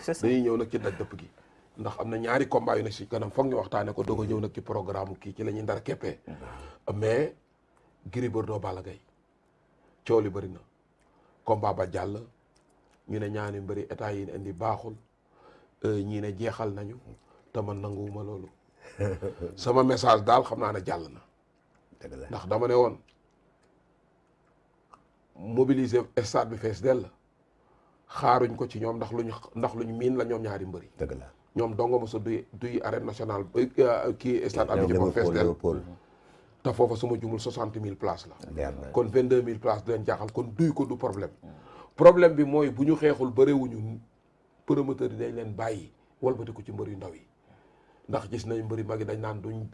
c'est ça dañuy ñëw nag ci daj dëpp gi ndax am na ñaari combat yu ne si kanam foog ñu waxtaane ko doog a ñëw nag ci programme kii ci la ñuy ndar keppee mais Gris Bordeaux Balla Gaye coow li bëri na combat ba jàll ñu ne ñaani mbëri état yi indi baaxul euh, ñii ne jeexal nañu te man nanguwuma loolu sama message daal xam naa ne jàll na ndax dama ne woon mobiliser stade bi fees la xaaruñ ko ci ñoom ndax luñ ndax luñ miin la ñoom ñaari mbëri dëgg la ñoom dongo mosa duy duy arène nationale euh, euh, kii stade Abdou Diouf fees del te foofa suma jumul soixante mille places la kon vingt deux mille places du leen jaaxal kon duy ko du problème problème bi mooy bu ñu xeexul bëreewuñu promoteur yi dañ leen bàyyi walbati ko ci mbër yu ndaw yi ndax gis nañ mbëri mag yi dañ naan duñ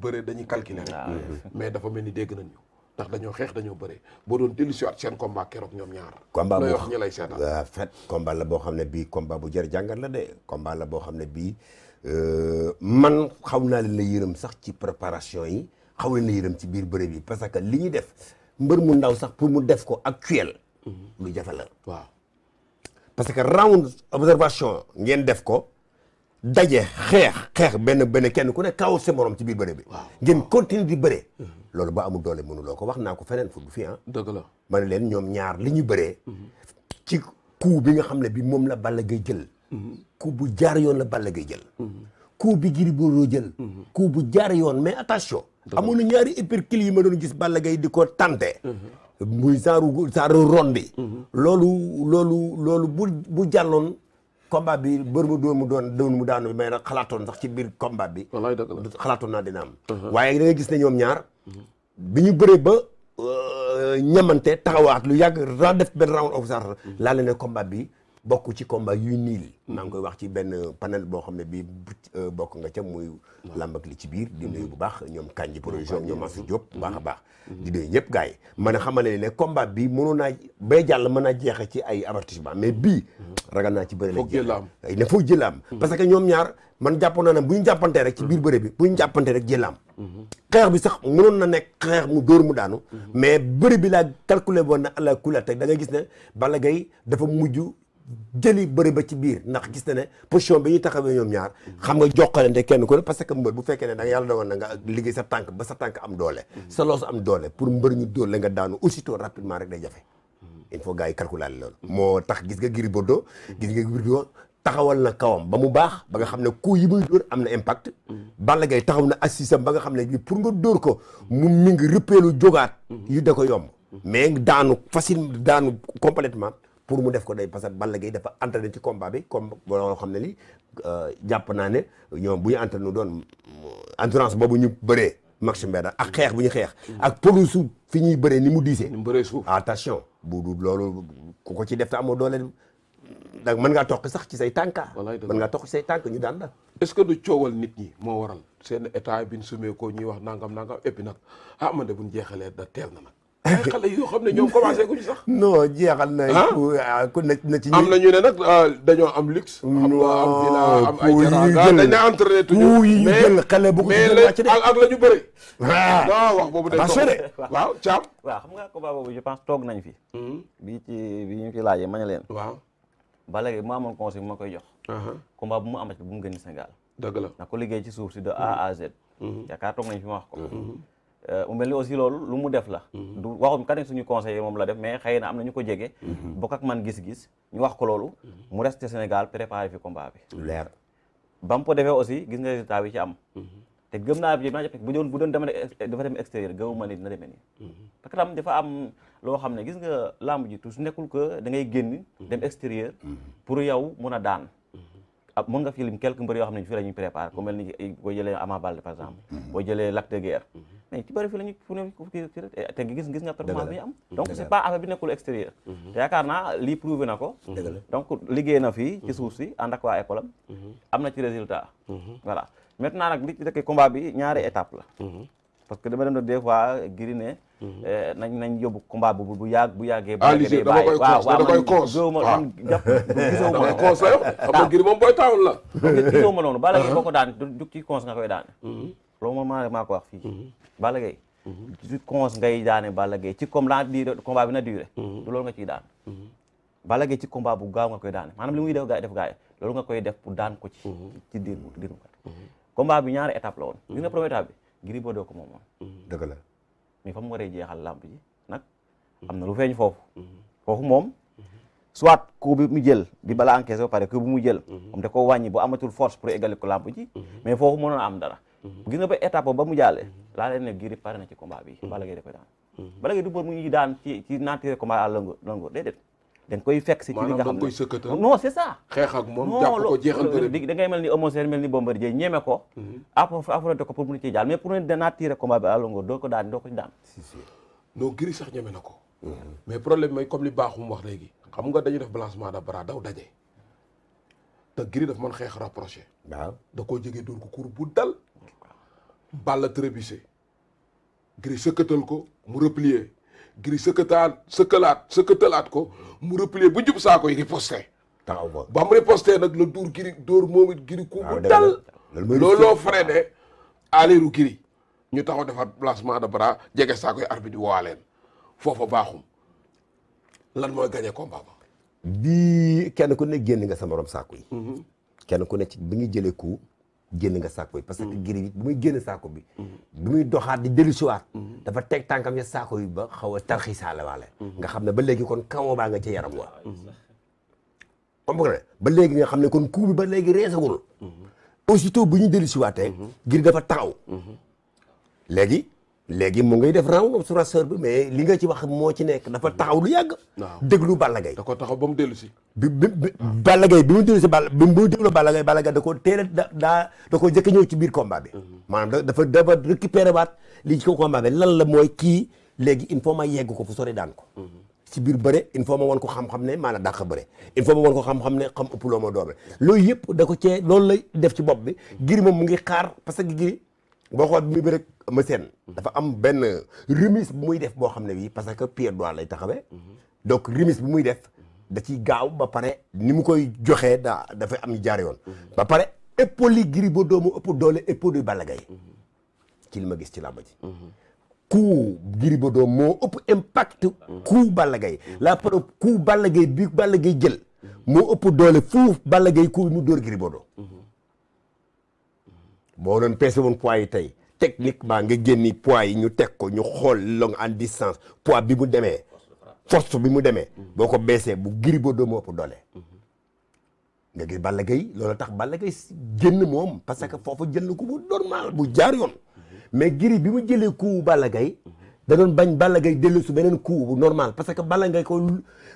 bëre dañuy calculer rek ah. mais dafa mel ni dégg nañ ñu ndax dañoo xeex dañoo bëri boo doon dellusiwaat seen combat kerook ñoom ñaar. combat boo xam ne lay seetaan boo xam ne bii combat bu jar jàngat la de combat la boo xam ne bii euh, man xaw naa leen la yërëm sax ci préparation yi xaw leen la yërëm ci biir bëri bi parce que li def mbër mu ndaw sax pour mu def ko actuel. Mhm. lu jafe la waaw. parce que round observation ngeen def ko. daje xeex xeex benn benn kenn ku ne kaw sa morom ci biir bëre bi ngeen continuer di bëre loolu ba amul doole mënuloo ko wax naa ko feneen fu du fi ah dëgg ma leen ñoom ñaar li ñu bëree ci coup bi nga xam ne bi moom la Balla Gaye jël ku bu jaar yoon la Balla Gaye jël coup bi Gris Bordeaux jël ku bu jaar yoon mais attention amoon na ñaari uppercut yi ma doon gis Balla gay di ko tante muy saaru saaru ron bi mhm. loolu loolu loolu bu bu jàlloon combat bi mbër mu doon mu doon doon mu daanu bi mais nag xalaatoon sax ci biir combat bi. wallaay dëgg la xalaatoon naa dina uh-huh. waaye da nga gis ne ñoom ñaar. bi ñu bëree ba euh, ñamante taxawaat lu yàgg ra def benn round of sar uh-huh. laa ne combat bi. bokk ci combat yuy niil. maa ngi koy wax ci benn panel boo xam ne bii euh, bokk nga ca muy. làmb li ci biir di nuyu bu baax ñoom Kanji production ñoom Massou Diop. bu baax a mm-hmm. baax mm-hmm. di nuyu ñëpp gars yi. mën a xamale ne combat bi mënoon naa bay jàll mën naa jeexe ci ay avertissement mais bii. Mm-hmm. ragal naa ci bëri la jeex ne foog jëlaam parce que ñoom ñaar man jàppoon ne bu ñu jàppante rek ci biir bëre bi bu ñu jàppante rek jëlaam xeex bi sax mënoon na nekk xeex mu dóor mu daanu. mais bëri bi laa calculé woon na àlla kula teg da nga gis ne bala gay dafa mujj jëli bëri ba ci biir ndax gis na ne position bi ñu taxawee ñoom ñaar xam nga jokkalante kenn ku ne parce que mbër bu fekkee ne da nga yàlla dogal na nga liggéey sa tànk ba sa tànk am doole sa loos am doole pour mbër ñu dóor la nga daanu aussitôt rapidement rek day jafe il faut gars yi calculer loolu moo tax gis nga Gris Bordeaux doo nga Gris taxawal na kawam ba mu baax ba nga xam ne coup yi muy am na impact Balla Gaye taxaw na assisam ba nga xam ne pour nga dóor ko mu mi ngi rëppeelu jógaat yu da ko yomb mais daanu facile daanu complètement pour mu def ko day parce que Balla Gaye dafa entraîné ci combat bi comme loo xam ne li euh, jàpp naa ne ñoom bu ñu entraîné doon endurance boobu ñu bëree maximum benn ak xeex bu ñu xeex. ak pelouse suuf fi ñuy bëree ni mu diisee. ni mu bëree suuf attention bu du loolu ku ko ci def te amoo doole da mën ngaa toq sax ci say tànka mën ngaa toq ci say tànk ñu daan la. est-ce que du coowal nit ñi moo waral seen état bi ñu sumee ko ñuy wax nangam nangam et puis nag ah man de bu ñu da teel na nag. ay xale yoo xam ne ñoom commencé guñ sax. non jeexal na. ah ku ah, na ci am na ñu ne ah, dañoo am luxe. am am am ay jaraaf xale bu ko ci mais ah. waaw wax boobu dañ ko waaw caam. waaw xam nga combat boobu je pense toog nañ fi. Hmm. bi ci bi ñu ci laajee ma ne leen. waaw. ba léegi mu amoon conseil ma koy jox. combat bu mu amati bu mu gën Sénégal. dëgg la na ko liggéey ci suuf si de A à Z. Hmm. yaakaar toog nañ fi ma wax ko. Hmm. Euh, mu mel ni aussi loolu lu mu def la mhm. du waxum kan suñu conseiller moom la def mais xëy na am na ñu ko jege mhm. bokk ak man gis-gis ñu wax ko loolu mhm. mu resté Sénégal préparé fi combat bi leer ba mu ko defee aussi gis nga résultat bi ci am te gëm naa bi naa jàpp bu doon bu doon dama dafa dem extérieur gëwuma ni dina demee nii parce que tam dafa am loo xam ne gis nga lamb ji toujours nekkul ko da ngay génn dem extérieur pour yaw mun a daan ah mën nga fi lim mbër yoo xam ne fii la ñuy préparé ku mel ni boo jëlee Ama Baldé par exemple boo jëlee Lac de Guiers mais ci bëri fii la ñu fu ne te gis gis nga performance bi ñu am donc c'est pas affaire bi nekkul extérieur te yaakaar naa lii prouvé na ko donc liggéey na fii ci suuf a ànd a waa école am am na ci résultat voilà maintenant nag li ci dëkk combat bi ñaari étape nag des fois bu bu yàgg bu yàggee bu waaw ah, waaw ah. man gisoo ma man jàpp gisoo ma noonu daan du jug nga koy daan loolu moom maa maa ko wax fii. Mhm. Balla Gaye. ci mhm. conse ngay daane Balla Gaye ci comme la di combat bi na duré. Mhm. du loolu nga ciy daan. Balla Gaye ci combat bu gaaw nga koy daane maanaam li muy def gaa def gaa loolu nga koy def pour daan ko ci. ci diir diir kat. la woon. gis nga première étape bi Gris Bordeaux ko moom. la mais fa mu na lu feeñ foofu. foofu moom. soit coup bi mu jël di bala encaissé ba pare coup bi mu jël. moom da koo wàññi ba amatul force pour égaler ko làmb ji. mais am dara. Mhm. gis nga ba étape ba mu jàllee mhm. laa leen ne Gris pare na ci combat bi mhm. Balla Gaye da koy daan Balla du bër mu ñuy daan ci ci naatire combat à longo longo déedéet dañ koy fekk si ci li nga xam ne non c'est ça xeex da ngay mel doo ko daan doo ko daan non Gris sax ñeme na ko mais problème mooy comme li baaxum wax léegi xam nga dañu def balancement de bras daw daje te Gris daf mën xeex rapproché da koo jege dóor ko bu dal Balla trébuché Gris sëkkatal ko mu giri Gris sëkkataat sëkkalaat sëkkatalaat ko mu replier ba jub saako yi riposté. taxaw ba ba riposté nag la dóor Gris dóor moom it Gris ku ah, mu dal looloo freiné aleeru Gris ñu taxaw defar placement de bra jege saako yi arbitre bi woo leen foofa baaxum lan mooy gagné combat ba. bii kenn ku ne génn nga sa morom saako yi. Mhm. ku ne ci bi nga jëlee ko. génn nga saako yi parce que mm-hmm. giri bi bu muy génn saako bi mm-hmm. bu muy doxaat di dellusiwaat mm-hmm. dafa teg tànkam ya saako yi ba xaw a saala waale nga xam ne ba léegi kon kawo baa nga ci yaram wa comprendre ba léegi nga xam ne kon coup bi ba léegi reesagul aussitôt bu ñu dellusiwaatee giri dafa taxaw léegi léegi mu ngay def round observateur bi mais li nga ci wax moo ci nekk dafa mm-hmm. taxaw lu yàgg. waaw déglu Balla Gaye da ko taxaw ba mu dellu si. bi bi bi Balla Gaye bi mu dellu si Balla bi mu déglu Balla da ko teel a da daa da ko jëkk a ñëw ci biir combat bi. Mm-hmm. maanaam dafa dafa récupéré waat li ci ko combat bi lan la mooy kii léegi il faut ma yegg ko fu sore daan ko. Mm-hmm. ci biir bëre il faut ma wan ko xam-xam ne maanaam dàq bëre il faut ma wan ko xam-xam ne xam ëpp loo ma doole loolu yëpp da ko cee loolu lay def ci bopp bi. ngir moom mu ngi xaar parce que giri boo xool mi bi rek ma seen dafa am benn remise bu muy def boo xam ne bii parce que pied droit lay taxawee. donc remise bu muy def da ciy gaaw ba pare ni mu koy joxee daa dafay am jaar yoon. ba pare épaule yi Gris Bordeaux mu ëpp doole épaule yu Balla Gaye ci li ma gis ci làmb ji. coup Gris Bordeaux ëpp impact. coup Balla Gaye la par coup Balla Gaye bi Balla Gaye jël. moo ëpp doole fuuf Balla Gaye coup mu dóor Gris Bordeaux boo doon peese woon poids yi tey techniquement nga génni poids yi ñu teg ko ñu xool long en distance pois bi mu demee force bi mu demee boo ko beesee bu Gris Bordeaux moo ëpp doole nga gis Balla gay loolu tax Balla gay génn moom parce que foofu jël na ko bu normal bu jaar yoon mais Gris bi mu jëlee coup Balla gay da doon bañ Balla gay dellu su beneen coup bu normal parce que Balla ngay ko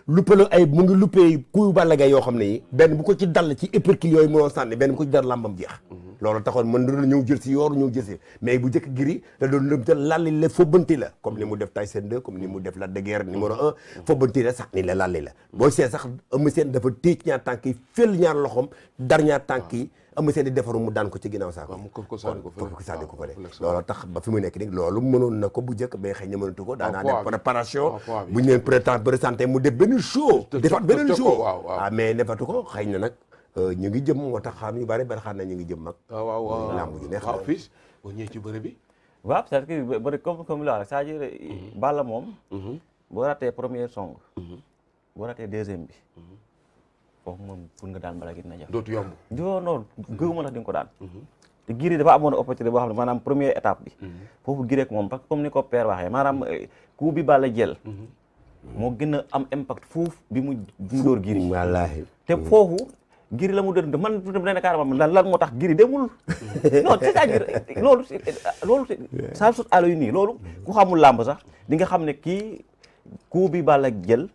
luppalo ay mu ngi luppee coup Balla Gaye yoo xam ne yi benn bu ko ci dal ci épercule yooyu mënoo sànni benn ko ci dal làmbam jeex loolu tax mën na ñëw jël si yoor ñëw jël si mais bu njëkk giri da doon lëm te lalli la fobbanti la comme ni mu def Tyson 2 comme ni mu def Lac de Guiers numéro un fobbanti la sax ni la lalli la boo seet sax Eumeu Sène dafa téec ñaar tànk yi fël ñaar loxom mu daan ko ci ginnaaw saako ko ko sànni ko fële loolu tax ba fi mu nekk nii loolu mënoon na ko bu njëkk mais xëy na mënatu ko daanaa def préparation bu ñu leen mu def benn show defaat beneen show ah mais defatu ko xëy na nag ñu ngi jëm moo tax xam yu bari bari xam na ñu ngi jëm mag ah, waaw waaw làmb ju neex waaw fii boo ñëwee ci bëre bi waaw c'est que bëri comme mm-hmm. la moom mm-hmm. boo ratee première song mm-hmm. boo ratee deuxième bi foofu moom pour nga daan bala gi dina jafe dootu yomb non non gëwuma ndax ko daan te Gris dafa amoon opportunité boo xam ne bi foofu Gris moom parce que comme ni ko père waxee maanaam euh, coup bi bala jël moo gën a am impact fuuf bi mu mu dóor te foofu giri la mu doon man nee na carrément lan lan moo tax giri demul non c'est-à-dire loolu loolu saa sut àll yu nii loolu ku xamul làmb sax di nga xam ne kii coup bi Balla jël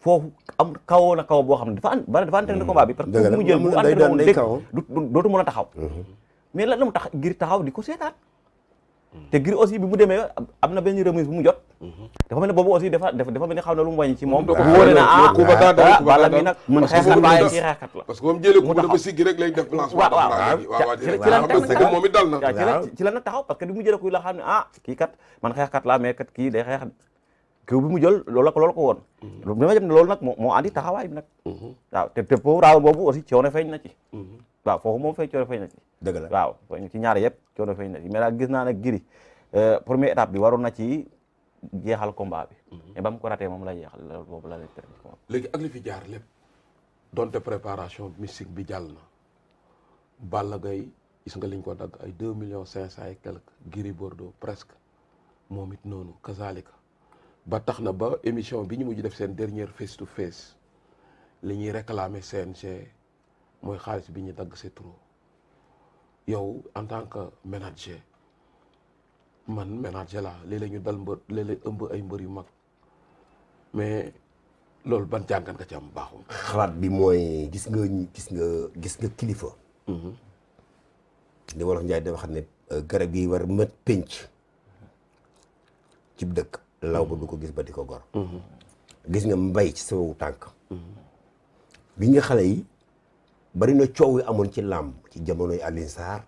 foofu am kawoo na kaw boo xam ne dafa an Balla dafa entraîné mm. combat bi parce que mu jël mu entraîné woon dégg dootu mën a taxaw mm-hmm. mais lan la mu tax giri taxaw di ko seetaan mm. te giri aussi bi mu demee am na benn remise bu mu jot dafa mel ne boobu aussi dafa dafa mel ne xaw na lu mu wàññi ci moom wóore na ah, ah bala mi ci xeexkat la parce que moom ci la nag ah. taxaw parce que mu jëlee kuy la xam ne ah kii kat man xeexkat la mais kat kii day xeex kiw bi mu jël loolu la ko loolu ko woon mm-hmm. dama jëm ne loolu nag moo andi taxawaay bi nag mm-hmm. waaw te te foofu raaw boobu aussi coono feeñ na ci mm-hmm. waaw foofu moom feeñ coono feeñ na ci dëgg la waaw ci ñaar yëpp coono feeñ na ci mais daal gis naa nag giri euh, première étape bi waroon na ci jeexal combat bi. Mhm. mais ba mu ko ratee moom la jeexal loolu boobu la lay perte ci léegi ak li fi jaar lépp donte préparation mystique bi jàll na Balla Gaye gis nga lañ ko dagg ay deux millions cinq cent et quelque Gris Bordeaux presque moom it noonu kazaalika ba tax na ba émission bi ñu mujj def seen dernière face to face li ñuy réclamer CNG mooy xaalis bi ñu dagg c'est trop yow en tant que manager. man ménager laa léeg-léeg ñu dal mbër léeg-léeg ëmb ay mbër yu mag mais loolu ban jàngat nga ci am baaxul. xalaat bi mooy gis nga gis nga gis nga kilifa. Mhm. li wolof Njaay da wax ne euh, garab yi war mët pénc cib dëkk law ba du ko gis ba di ko gor mhm. gis nga mbay ci sababu tànk mhm. bi nga xale yi bari na coow yi amoon ci làmb ci jamonoy Alioune Sarr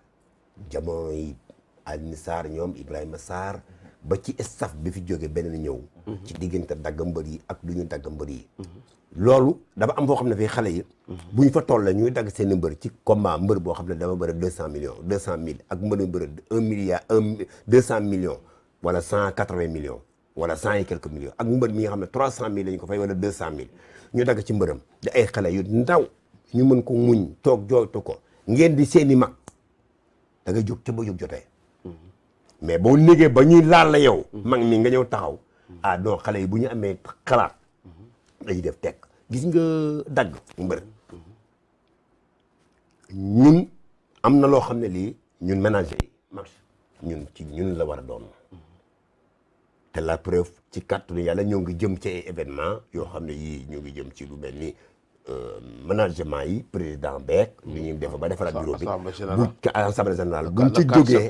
jamonoy Alioune Sarr ñoom Ibrahima Sarr ba ci staff bi fi jóge beneen ñëw ci diggante dagg mbër yi ak du ñu dagg mbër yi loolu dafa am foo xam ne fii xale yi bu ñu fa toll la ñuy dagg seen mbër ci combat mbër boo xam ne dafa bëri deux cent millions deux cent mille ak cent millions wala cent quatre vingt millions wala cent yi quelques millions ak mbër mi nga xam ne trois cent mille lañ ko fay ñu dagg ci mbërëm di ay xale yu ndaw ñu mën ko muñ toog jooytu ko ngeen di seeni mag da ngay jóg ca ba jóg jotee mais boo négee ba ñuy laal la yow. mag mi nga ñëw taxaw. ah donc xale yi bu ñu amee xalaat. dañuy def tekk gis nga dagg. mbër ñun am na loo xam ne lii ñun ménager yi. ñun ci ñun la war a doon. te la preuve ci kàttanu yàlla ñoo ngi jëm cee ay événement yoo xam ne yii ñoo gi jëm ci lu mel ni Euh, management yi président beeg. li ñuy def ba defaraat bureau bi bu assemblée générale bu ñu ci jógee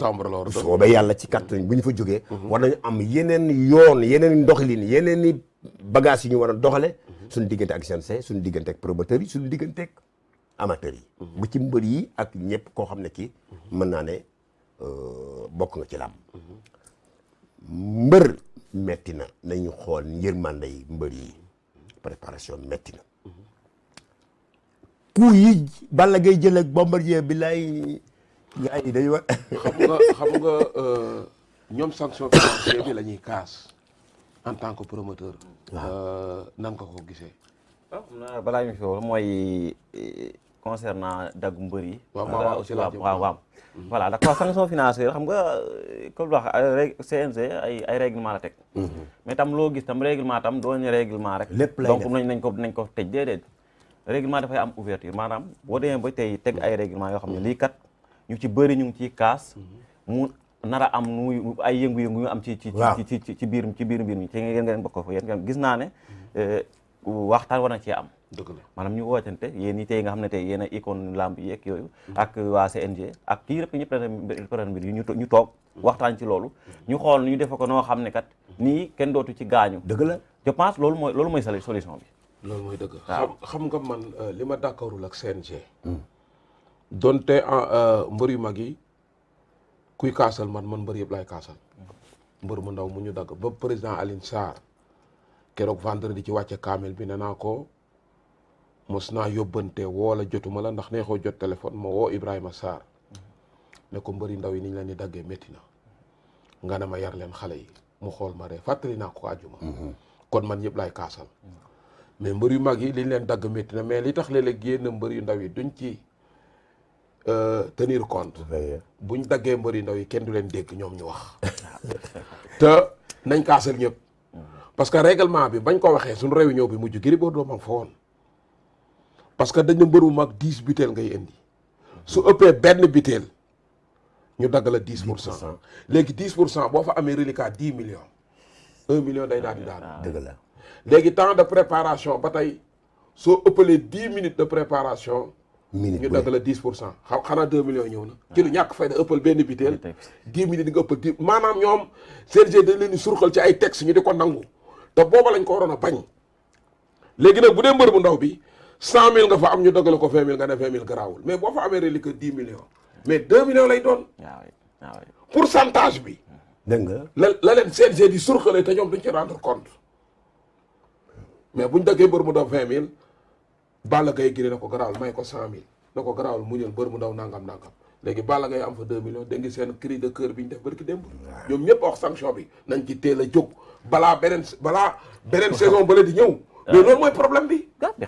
soobe yàlla ci kàttan bu ñu fa jógee. Mhm. war nañu am yeneen yoon yeneen ndoxalin yeneen i bagages yu ñu war a doxale mhm. suñu diggante ak CNC suñu diggante ak promoteur yi suñu diggante ak yi. Mhm. bu ci mbër yi ak ñëpp koo xam ne kii. mën naa ne euh, bokk nga ci làmb. mbër metti na nañu xool yërmande yi mbër yi préparation metti na. ku yi Balla Gaye jël ak Bombardier bi lay gars yi dañu xam nga xam euh, ñoom sanction financière bi la ñuy kaas en tant que promoteur euh, nan nga ko gisee waaw ah, na balaa ñu fi wax mooy euh, concernant dagg mbër yi waaw aussi waaw waaw mhm. voilà ndax quoi sanction financière xam nga comme wax CNG ay ay règlement la teg mhm. mais tam loo gis tam règlement tam doon règlement rek lépp lay donc nañ nañ ko nañ ko tëj déedéet règlement dafay am ouverture maanaam boo demee ba tey teg ay règlement yoo xam ne lii kat ñu ci bëri ñu ngi ciy kaas mu nar a am nu ay yëngu-yëngu yu am ci ci ci ci biir ci biir mbir mi ci ngeen ngeen bokk fa yéen gis naa ne euh, waxtaan war na cee am dëgg la maanaam ñu wootante yéen ñi tey nga xam ne tey yéen a icône lamb yi ak yooyu ak waa CNG ak kii rek ñëpp pren mbir yi ñu toog waxtaan ci loolu ñu xool ñu defe ko noo xam ne kat nii kenn dootu ci gaañu dëgg la je pense loolu mooy loolu mooy solution bi loolu mooy dëgg. xam xam nga man euh, li ma d'accordul ak CNG. Hmm. donte euh, euh, mbër yu mag yi kuy kaasal man man mbër yëpp lay kaasal. mbër mu ndaw mu ñu dagg ba président Alioune Sarr keroog di ci wàcce kaamel bi ne naa ko mos naa yóbbante woo la jotuma la ndax neexoo jot téléphone ma woo Ibrahima Sarr ne ko mbër mbëri ndaw yi niñ leen di daggee métti na nga ne ma yar leen xale yi mu xool ma ree fàttali naa ko àjjuma. Hmm. kon man yëpp laay kaasal. Hmm. mais mbër yu mag yi liñ leen dagg métti na mais li tax léeg-léeg mbër yu ndaw yi duñ ci euh, tenir compte. buñ daggee mbër yu ndaw yi kenn du leen dégg ñoom ñu wax. te nañ kaasal ñëpp. parce que règlement bi bañ ko waxee suñu réunion bi mujj Gris Bordeaux mag fa woon parce que dañu mag dix butéel ngay indi su ëppee benn butéel ñu dagg la dix pour cent léegi dix pour cent boo fa amee reliquat dix million un million day daal di dëgg la léegi temps de préparation ba tey soo ëppalee dix minute de préparation. minute ñu dagg la pour cent xaw xanaa deux millions ñëw na. ci lu ah. ñàkk fayda ëppal benn biteel. dix minutes nga ëppal dix maanaam ñoom CNG dañ leen di ci ay textes ñu di ko nangu te booba lañ ko waroon a bañ. léegi nag bu dee mbër bu ndaw bi cent mille nga fa am ñu dagale ko vingt mille nga ne vingt mille garaawul mais boo fa amee relique dix millions mais deux millions lay doon. Ah ah pourcentage bi. dégg nga la la leen CNG di surxale te ñoom duñ ci rendre compte. mais bu daggee mbër mu ndaw vingt mille Balla Gaye giri na ko garaawal may ko cent mille na ko garaawal mu ñël mbër mu nangam nangam léegi Balla Gaye am fa deux millions dégg ngi seen cri de cœur bi ñu def barki démb ñoom ñëpp wax sanction bi nañ ci teel jóg balaa beneen balaa beneen saison bale di ñëw mais loolu mooy problème bi